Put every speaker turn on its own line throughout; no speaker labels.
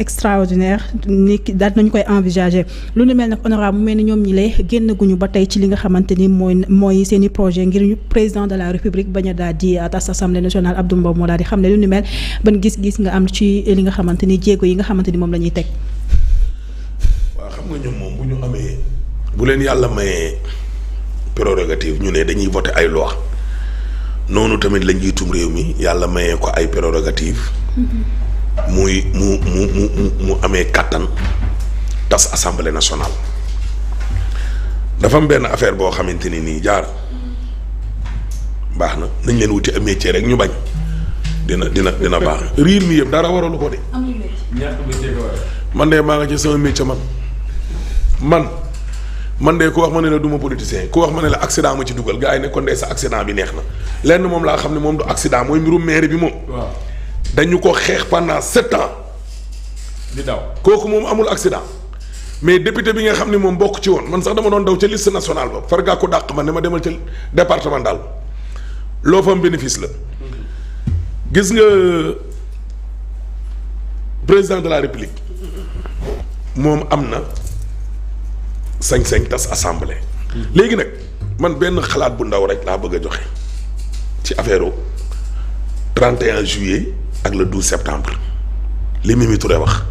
extraordinaire ni daal nañu koy envisager lu nu mel nag honorable mu mel ni ñoom ñi lay génnaguñu ba tey ci li nga xamante ni mooy mooy seen projet ngir ñu président de la république bañ a daal di tas assemblée nationale Abdou Mbow moo daal di xam ne lu nu mel ban gis-gis nga am ci li nga xamante ni jéego yi nga xamante ni moom la teg.
waaw xam nga ñoom moom bu ñu amee. bu yàlla mayee prérogative ñu ne dañuy voter ay loi noonu tamit la njiitum réew mi yàlla mayee ko ay prérogative. Mm-hmm. muy mu mu mu mu amee kàttan tas assemblée nationale dafa am benn affaire boo xamante ni nii jaar baax na nañ leen wuti am métier rek ñu bañ dina dina dina baax riir mi yëpp dara waralu ko de man de maa nga ci sama métier man man man de ku wax ma ne la du ma politicien ku wax ma ne la accident ma ci dugal gars yi ne kon de sa accident bi neex na lenn moom laa xam ne moom du accident mooy mbirum maire bi moom waaw dañu ko xeex pendant sept ans. di daw kooku moom amul accident. mais député bi nga xam ne moom bokk ci woon man sax dama doon daw ca liste nationale ba fargaa ko dàq ma ne ma demal ca départemental loo fa am bénéfice la. gis nga président de la république moom am na sañ-sañ tas assemblée. léegi nag man benn xalaat bu ndaw rek laa bëgg a joxe ci affaire 31 juillet. ak le septembre li Mimi Touré wax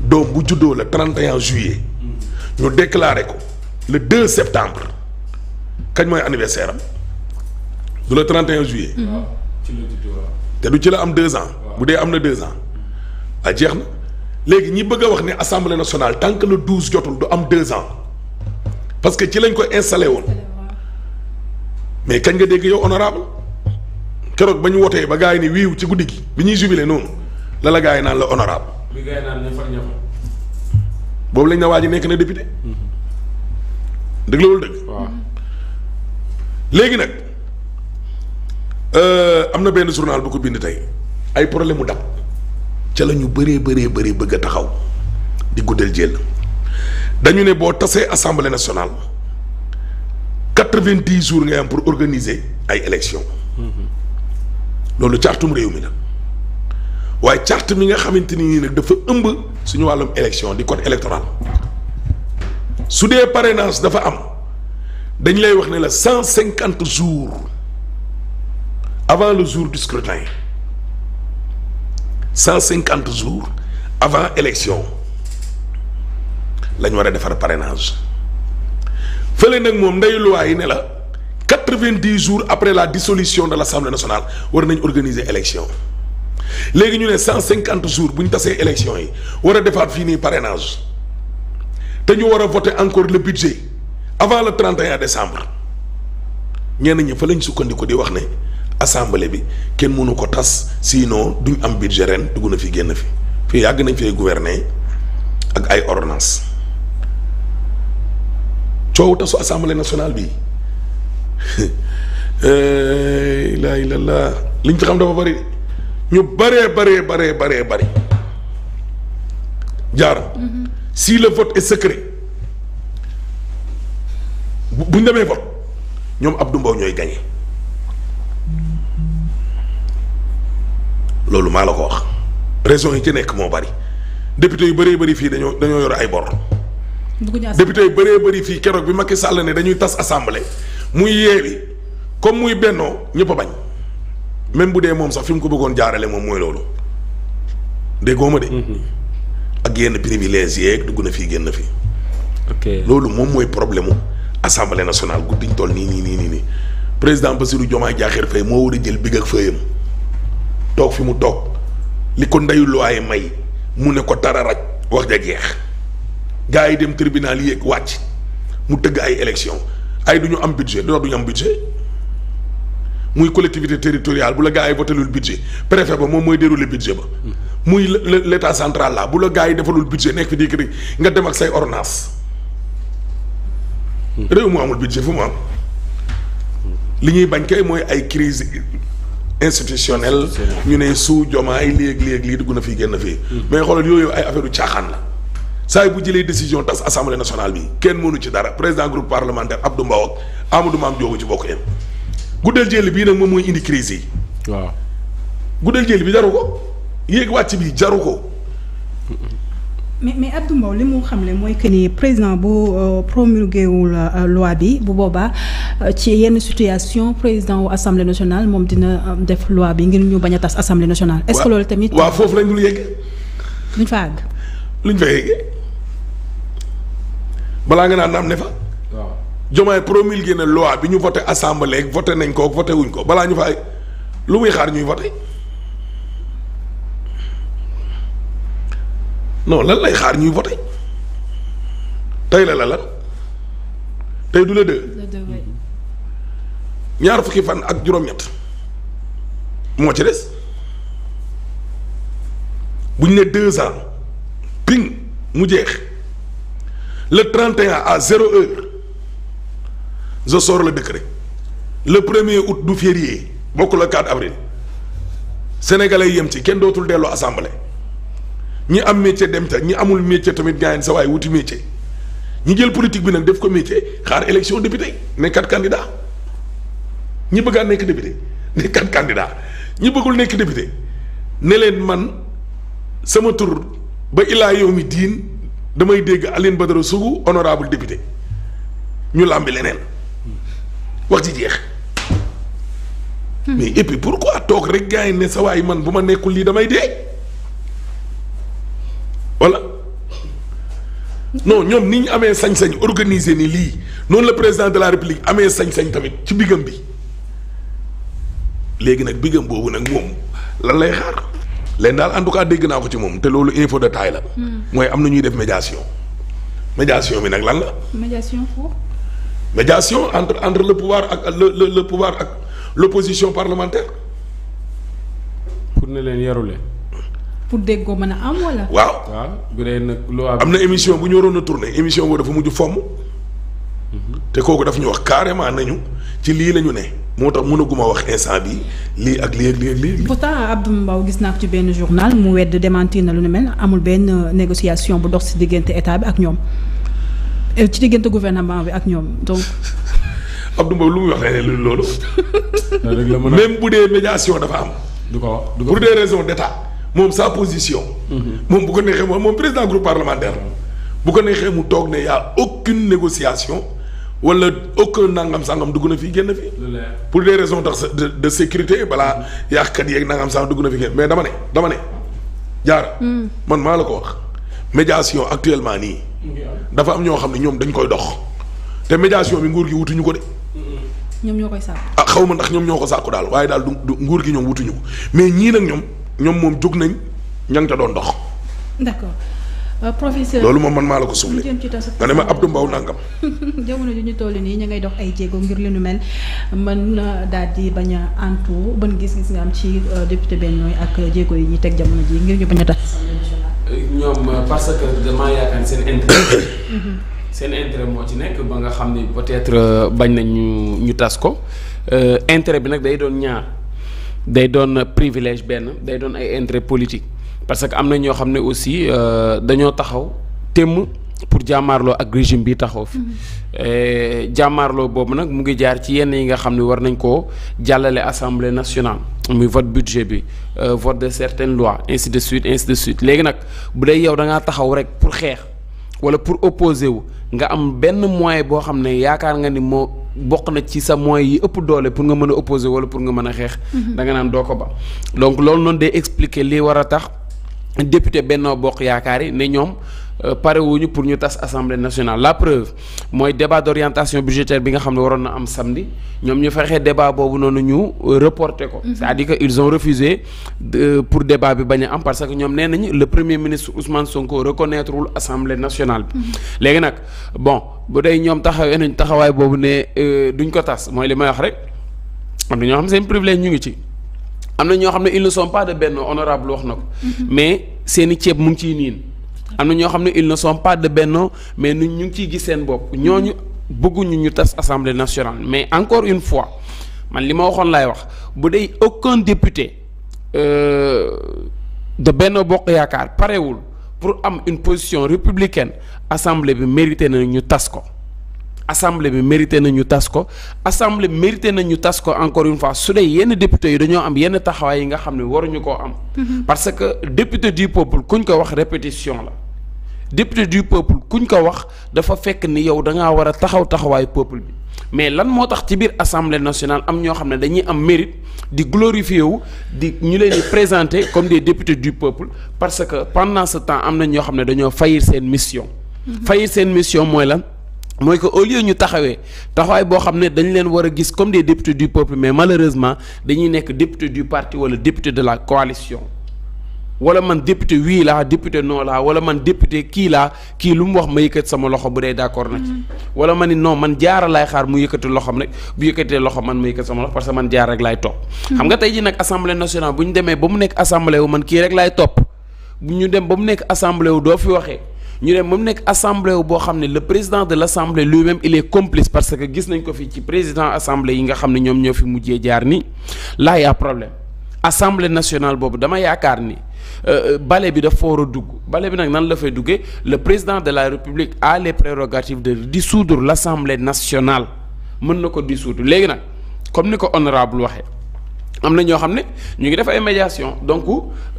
doom bu juddoo le 31 juillet ñu déclaré ko le 2 septembre kañ mooy anniversaire am du le 31 juillet. Mm-hmm. te du ci la am deux ans. bu dee am na deux ans. a ah, jeex na léegi ñi bëgg a wax ne assemblée nationale tant que le 12 jotul du am deux ans parce que ci lañ ko installé woon mais kañ nga dégg yow honorable keroog ba ñu wootee ba gars yi ni wiiw ci guddi gi bi ñuy jubilé noonu la gaa gars yi naan la honorable bi gars boobu lañ na waa ji nekk na député dëgg la wala dëgg waaw léegi nag euh, am na benn journal bu ko bind tey ay problème mu dab ca la ñu bëree bëree bëree bëgg a taxaw di guddal jël dañu ne boo tasee assemblée nationale quatre-vingt-dix jours ngay am pour organiser ay élections loolu cartum réew mi la waaye carte mi nga xamante ni nag dafa ëmb suñu wàllum élection di code électoral su dee parrainage dafa am dañ lay wax ne la cent cinquante jours avant le jour du scrutin cent cinquante jours avant élection lañ war a defar parrainage fële nag moom nday luwaa yi ne la quatre-vingt-dix jours après la dissolution de l'Assemblée nationale war nañ organiser élection léegi ñu ne cent cinquante jours bu ñu tasee élection yi war a defaat fii nii parrainage te ñu war a voter encore le budget avant le 31 décembre ñenn ñi fa lañ sukkandiku di wax ne assemblée bi kenn mënu ko tas sinon duñ am budget ren dugg na fi génn fi fii yàgg nañ fay gouverner ak ay ordonnance coow tasu assemblée nationale bi laa eh, illallah liñ ci xam dafa bari ñu bëree bëree bëree bëree bëri jaar mhm. si le vote est secret bu ñu demee vote ñoom ab Mbow ñooy gagné loolu maa la ko wax raison yi ci nekk moo bari député yu bëree bëri fii dañoo dañoo yor ay bor député yu bëree bari fii keroog bi Macky Sall ne dañuy tas assemblée muy yeewi comme muy bennoo ñëpp a bañ même bu dee moom sax fi mu ko bëggoon jaarale moom mooy loolu déggoo ma de. Mm-hmm. ak yenn privilèges yeeg dugg na fii génn fii. ok loolu moom mooy problème mu assemblée nationale guddiñ toll nii nii nii nii nii président Bassirou Diomaye Diakhar Faye moo war a jël big ak fëyam toog fi mu toog li ko ndeyu luwaay may mu ne ko tararaj wax ja jeex gars yi dem tribunal yéeg wàcc mu tëgg ay élections. ay du ñu am budget lu tax du ñu am budget muy collectivité territoriale bu la gaa yi votelul budget préfet ba moom mooy dérouler budget ba muy l' état central la bu la gaa yi defalul budget nekk fi di kii nga dem ak say ordonnance réew mu amul budget fu mu am li ñuy bañ kay mooy ay crise institutionnelle ñu ne suu jomaay léeg-léeg lii dugg na fii génn fii hmm. mais xoolal yooyu ay affaire u caaxaan la saa bu jëlee décision tas assemblée nationale bi kenn mënu ci dara président groupe parlementaire Abdou Mbow ak Amadou Mame Diop ci bokk yem guddal jël bii nag moom mooy indi crise yi. waaw guddal jël bi jaru ko yéeg wàcc bi jaru ko.
mais mais Abdou Mbow li moo xam xamle mooy que ni président bu euh, promulgué wul euh, loi bi bu boobaa euh, ci yenn situation président wu assemblée nationale moom dina def loi bi ngir ñu bañ a tas assemblée nationale. est-ce que loolu foofu lañ dul yegg. duñ fa àgg.
luñ fa yeggee balaa nga naan na ne fa. waaw Diomaye promulgué na loi bi ñu voté assemblée ak voté nañ ko ak voté wuñ ko balaa ñu fay lu muy xaar ñuy voté non lan lay xaar ñuy voté tey la la la tey du la dë ñaar fukki fan ak juróom-ñett moo ci des buñ ne deux ans. ping mu jeex le 31 à zéro heure je sors le décret le premier août du férié bokk le 4 avril sénégalais yem ci kenn dootul delloo assemblée ñi am métier dem ta ñi amul métier tamit gaayen sa waaye wuti métier ñi jël politique bi nag def ko métier xaar élection député nekkat candidat ñi bëggaa nekk député nekkat candidat ñi bëggul nekk député ne leen man sama tur ba ilaa yow mi diin damay dégg Aline Badara Sougou honorable député ñu làmbi leneen wax ci jeex mais et puis pourquoi toog rek gars yi ne sa man bu ma nekkul lii damay dee voilà non ñoom ni ñu amee sañ-sañ organiser ni lii noonu la président de la république amee sañ-sañ tamit ci biggam bi léegi nag bigam boobu nag moom lan lay xaar leen daal en tout cas dégg naa ko ci moom te loolu info de taille la. Hmm. mooy am na ñuy def médiation. médiation bi nag lan la.
médiation foofu.
médiation entre entre le pouvoir ak le le le pouvoir ak l'opposition parlementaire.
pour ne leen yaru leen.
pour déggoo mën a am wala.
waaw
bu dee nag. am
na émission bu ñu waroon a tourner émission boobu dafa mujj fomm. te kooku daf ñu wax carrément nañu ci lii la ñu ne moo tax mënaguma wax instant bi lii ak lii ak lii ak lii.
pourtant Abdou Mbow gis naa ko ci benn journal mu wedd démenti na lu ne mel amul benn négociation bu dox ci diggante état bi ak ñoom euh, ci diggante gouvernement bi ak ñoom donc.
Abdou Mbow lu muy wax ne
loolu. même
bu dee médiation dafa am. du ko wax du ko pour des raisons d'état moom sa position. Mhm. moom bu ko neexee moom moom président groupe parlementaire bu ko neexee mu toog ne y a aucune négociation. wala aucun nangam sangam dugg na fi génn fi. pour des raisons de de sécurité balaa yàqkat yeeg nangam sangam dugg na fi génn mais dama ne dama ne jaara. Hmm. man maa la ko wax. médiation actuellement nii. dafa am ñoo xam ne ñoom dañ koy dox. te médiation bi nguur gi wutuñu ko de.
ñoom ñoo koy sàkku.
ah xaw ma ndax ñoom ñoo ko sàkku daal waaye daal du nguur gi ñoom wutuñu ko mais ñii nag ñoom ñoom moom jóg nañ ña nga ca doon dox.
Euh, professeur loolu moom man maa la ko soufflé nga ne ma Abdou Mbow nangam. jamono ji ñu toll nii ñu ngay dox ay jéego ngir li nu mel mën na daal di bañ a antu ban gis-gis nga am ci euh, député Benno ak jéego yi ñuy teg jamono ji ngir ñu a tax.
ñoom euh, parce que damaa yaakaar seen intérêt. Mhm. seen intérêt moo ci nekk ba nga xam ne peut-être bañ nañ ñu ñu tas ko intérêt bi nag day doon ñaar day doon privilège benn day doon ay intérêt politique. parce que am na ñoo xam ne aussi euh, dañoo taxaw temm pour jàmmaarloo ak régime bi taxaw fi mm-hmm. jàmmaarloo boobu nag mu ngi jaar ci yenn yi nga xam ne war nañ koo jàllale assemblée nationale muy vote budget bi euh, vote de certaines lois ainsi de suite ainsi de suite léegi nag bu dee yow da taxaw rek pour xeex wala pour opposer wu nga am benn moyen boo xam ne yaakaar nga ni moo bokk na ci sa moyens yi ëpp doole pour nga mën a opposer wala pour nga mën a xeex mm-hmm. da nga naan doo ko ba député Benno Bokk Yaakaar yi ne ñoom euh, pare wuñu pour ñu tas assemblée nationale la preuve mooy débat d'orientation budgétaire bi nga xam ne waroon na am samedi ñoom ñu fexee débat boobu noonu ñu euh, reporter ko mhm. cest di dire que ils ont refusé euh, pour débat bi bañ a am parce que ñoom nee nañu le premier ministre Ousmane Sonko reconnaître wul assemblée nationale bi mhm. léegi nag bon bu day ñoom taxawee nañ taxawaay boobu ne duñ ko tas mooy li may wax rek am na ñoo xam seen privilège ñu ngi ci am na ñoo xam ne ils ne sont pas de benn honorable wax na ko mhm. mais seeni ceeb mu ngi ciy niin am na ñoo xam ne ils ne sont pas de benn mais ñu ngi ciy gis seen bopp mhm. ñooñu bëgguñu ñu tas assemblée nationale mais encore une fois man li ma waxoon laay wax bu dee aucun député euh, de Benno Bokk Yaakaar parewul pour am une position républicaine assemblée bi mérité na ñu tas ko assemblée bi mérité na ñu tas ko assemblée bi mérité na ñu tas ko encore une fois su dee yenn député yi dañoo am yenn taxawaay yi nga xam ne waruñu koo am. Mhm. parce que député du peuple kuñ ko wax répétition la. député du peuple kuñ ko wax dafa fekk ni yow da ngaa war a taxaw taxawaayu peuple bi mais lan moo tax ci biir assemblée nationale am ñoo xam ne dañuy am mérite di glorifier wu di ñu leen di présenter comme des députés du peuple parce que pendant ce temps am na ñoo xam ne dañoo fayir seen mission. Mhm. fayir seen mission mooy lan. mooy que au lieu ñu taxawee taxawaay boo xam ne dañu leen war a gis comme des députés du peuple mais malheureusement dañuy nekk député du parti wala député de la coalition wala man député wii laa député non laa wala man député kii laa kii lu mu wax ma yëkkat sama loxo bu dee d'accord na ci mm-hmm. wala ma ni non man jaara laay xaar mu yëkkati loxom rek bu yëkkatee loxo man ma yëkkat sama loxo parce que man jaar rek laay topp mm-hmm. xam nga tey ji nag assemblée nationale bu ñu demee ba mu nekk assemblée wu man kii rek laay topp bu dem ba mu nekk assemblée wu doo fi waxee ñu dem ba mu nekk assemblée boo xam ne le président de l' assemblée lui-même il est complice parce que gis nañ ko fii ci président assemblée yi nga xam ne ñoom ñoo fi mujjee jaar ni là y a problème assemblée nationale boobu dama yaakaar ni euh, euh, bale bi dafa foor a dugg bale bi nag nan la fay duggee le président de la république a les prérogatives de dissoudre l' assemblée nationale mën na ko dissoudre léegi nag comme ni ko honorable waxee am na ñoo xam ne ñu ngi def ay médiation donc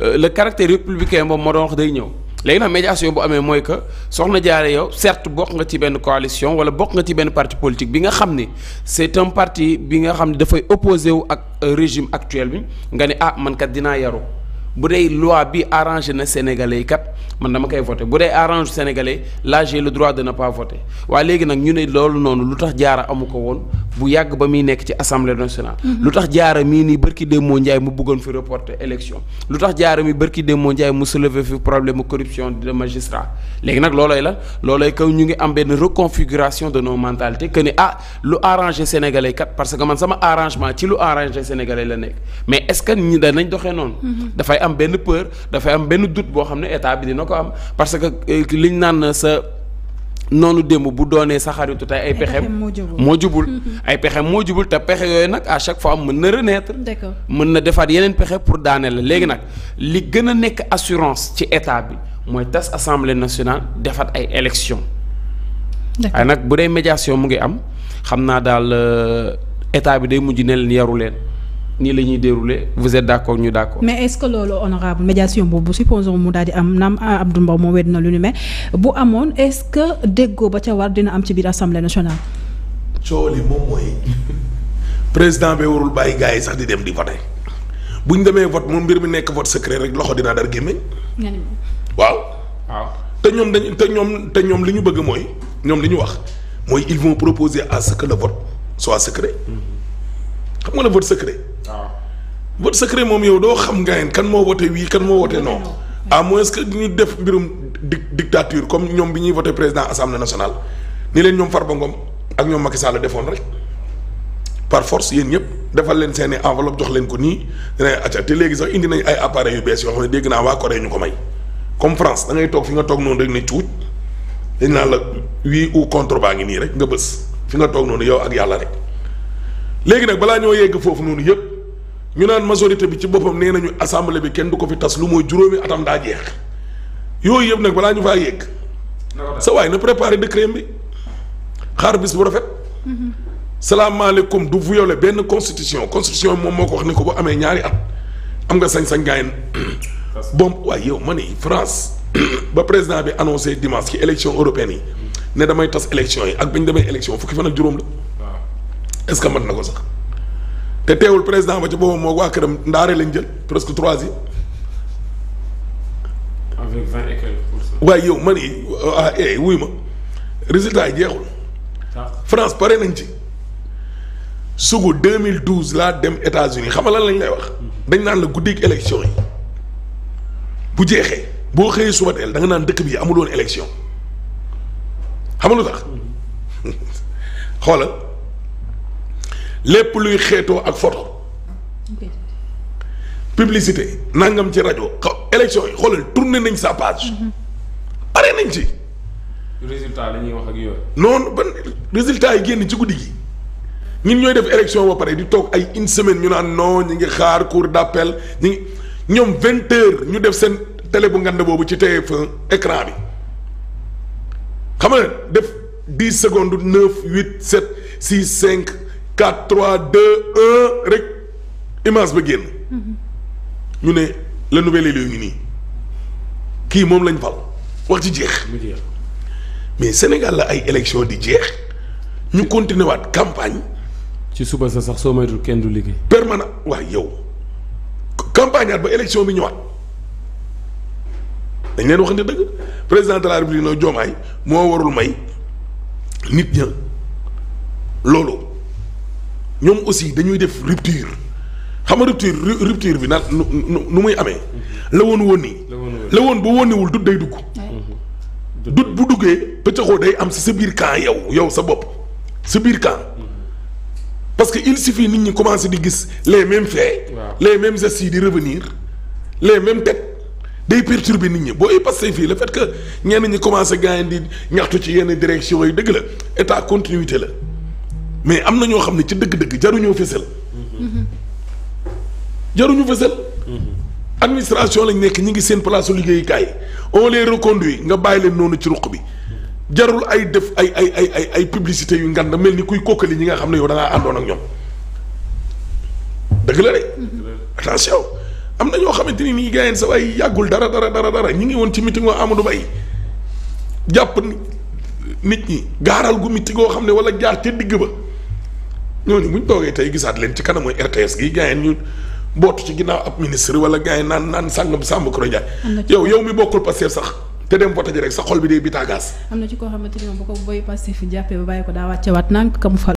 euh, le caractère républicain boobu moo doon day ñëw léegi nag médiation bu amee mooy que soxna jaare yow certes bokk nga ci benn coalition wala bokk nga ci benn parti politique bi nga xam ni c'est un parti bi nga xam ne dafay opposé wu ak euh, régime actuel bi nga ne ah man kat dinaa yaru bu dee loi bi arrangé na sénégalais yi kat man dama koy voté bu dee arrange sénégalais là j'ai le droit de léegi nag ñu ne loolu noonu lu tax jaara amu ko woon bu yàgg ba muy nekk ci assemblée nationale. Mhm. lu tax jaara mii nii barki Demba Ndiaye mu bëggoon fi reporter élection lu tax jaara mi barki Demba Ndiaye mu soulever fi problème corruption de magistrat léegi nag loolooy la loolooy kaw ñu ngi am benn reconfiguration de nos que ni ah lu arrangé parce que man sama arrangement ci lu arrangé sénégalais la nekk mais est-ce que ñi danañ doxee noonu. Mhm. dafay am benn peur dafay am benn doute boo xam ne état bi dina ko am parce que euh, li ñu naan sa noonu démb bu doonee sa xaritu tey ay pexem moo jubul ay pexem moo jubul te pexe yooyu nag à chaque fois mën na renaître mën na defaat yeneen pexe pour daane la léegi nag li gën a nekk assurance ci état bi mooy tas assemblée nationale defaat ay élection waaye nag bu dee médiation mu ngi am xam naa daal euh, état bi day mujj ne leen yaru leen nii la ñuy dérouler vous êtes d' accord ñu d' accord.
mais est ce que loolu honorable médiation boobu supposons mu daal di am naam ah, Abdou Mbow moo wedd na lu ni mais bu amoon est ce que déggoo ba ca war dina am ci biir assemblée nationale.
coow li moom mooy président bi warul bàyyi gars yi sax di dem di voté bu ñu demee vote moom mbir mi nekk vote secret rek loxo dinaa dar gémmiñ. waaw. waaw te ñoom dañ te ñoom te ñoom li ñu bëgg mooy ñoom li ñu wax mooy ils vont proposer à ce que le vote soit waaw vote secret moom yow doo xam nga kan moo wote wii kan moo wote non à moins di ñu def mbirum di dictature comme ñoom bi ñuy voté président assemblée nationale ni leen ñoom Farba Ngom ak ñoom Macky Sall defoon rek par force yéen ñëpp defal leen seen i enveloppe jox leen ko nii dinañ acca te léegi sax indi nañ ay appareils yu bees yoo xam ne dégg naa waa Corée ñu ko may comme France da toog fi nga toog noonu rek ne cuuj dañ naan la wii ou contre baa ngi nii rek nga bës fi nga toog noonu yow ak yàlla rek léegi nag balaa ñoo yegg foofu noonu yëpp. ñu naan majorité bi ci boppam nee nañu assemblée bi kenn du ko fi tas lu mooy juróomi atam daa jeex yooyu yëpp nag balaa ñu faa yegg. sa waay na préparer décret bi xaar bis bu rafet. salaamaaleykum du violer benn constitution constitution moom moo ko wax ne ko bu amee ñaari at am nga sañ-sañ gaayen bom waaye yow ma ne France ba président bi annoncé dimanche ci élection européenne yi ne damay tas élection yi ak bi ñu demee élection fukki fan ak juróom la est-ce que mat na ko te teewul président ba ci boobu moo waa këram ndaare lañ jël presque troisième.
avec vingt
waaye yow man yi ah eh, eh wuy ma résultat yi jeexul. France pare nañ ci. sugu 2012 laa dem États-Unis xam nga lan lañ lay wax. Mhm. dañ naan la guddik élection yi bu jeexee boo xëyee suba teel da naan dëkk bi amul woon élection xam nga lu tax mhm. xoolal. lépp luy xeetoo ak foto publicité nangam ci rajo xaw élection yi xoolal tourné nañ sa page. Mhm. pare nañ ci.
résultat la ñuy wax ak yooyu.
noonu ban résultat yi génn ci guddi gi ñun ñooy def élection ba pare di toog ay une semaine ñu naan non ñu ngi xaar cour d'appel ñu ngi ñoom venteur ñu def seen télé bu ngand boobu ci TF1 écran bi xam nga def dix secondes neuf huit sept six cinq. 4 3 2 1 rek image ba génn. ñu ne la nouvelle élu nii kii moom lañ fal wax ci jeex. mais Sénégal la ay élection di jeex ñu continuer waat
campagne. ci suba sa sax soo moytuwul kenn du liggéey.
permanent waaye yow campagne at ba élection bi ñëwaat dañ leen waxante dëgg président de la république nag Diomaye moo warul may nit ña loolu. ñoom aussi dañuy def rupture xam nga rupture rupture bi naan nu nu muy amee. la woon woon nii. la woon ba woon niwul dut day dugg. Mhm. dut bu duggee pëccëxoo day am si sa biir camp yow yow sa bopp sa biir camp. Mhm. parce que il fii nit ñi commencer di gis les mêmes faits. les mêmes gestes yi di revenir les mêmes têtes. day perturber nit ñi boo y passé fii le fait que ñenn ñi commencé gaañ di ñaxtu ci yenn direction yi dëgg la état continuité la. mais am na ñoo xam ne ci dëgg-dëgg jaruñoo fësal. jaruñu fësal. administration lañ nekk ñi ngi seen place su liggéeyukaay on les reconduit nga bàyyi leen noonu ci ruq bi jarul ay def ay ay ay ay ay publicité yu ngand mel ni kuy kokkali ñi nga xam ne yow da ngaa àndoon ak ñoom dëgg la de. attention am na ñoo xamante ni nii gars sa waay yàggul dara dara dara dara ñi ngi woon ci meeting waa Amadou jàpp nit ñi gaaral gu meeting goo xam ne wala jaar ca digg ba. ñooñu bu ñu toogee tey gisaat leen ci kanamu RTS gi gars yi ñu bootu ci ginnaaw ab ministre wala gars yi naan naan sàngam sàmb Koro Ndiaye. yow mi bokkul Pastef sax te dem vote
rek sa xol bi day bitaagaas. am na ci koo xamante ni moom bu ko booy Pastef jàppee ba bàyyi ko daa wàcceewaat nànk ka mu fal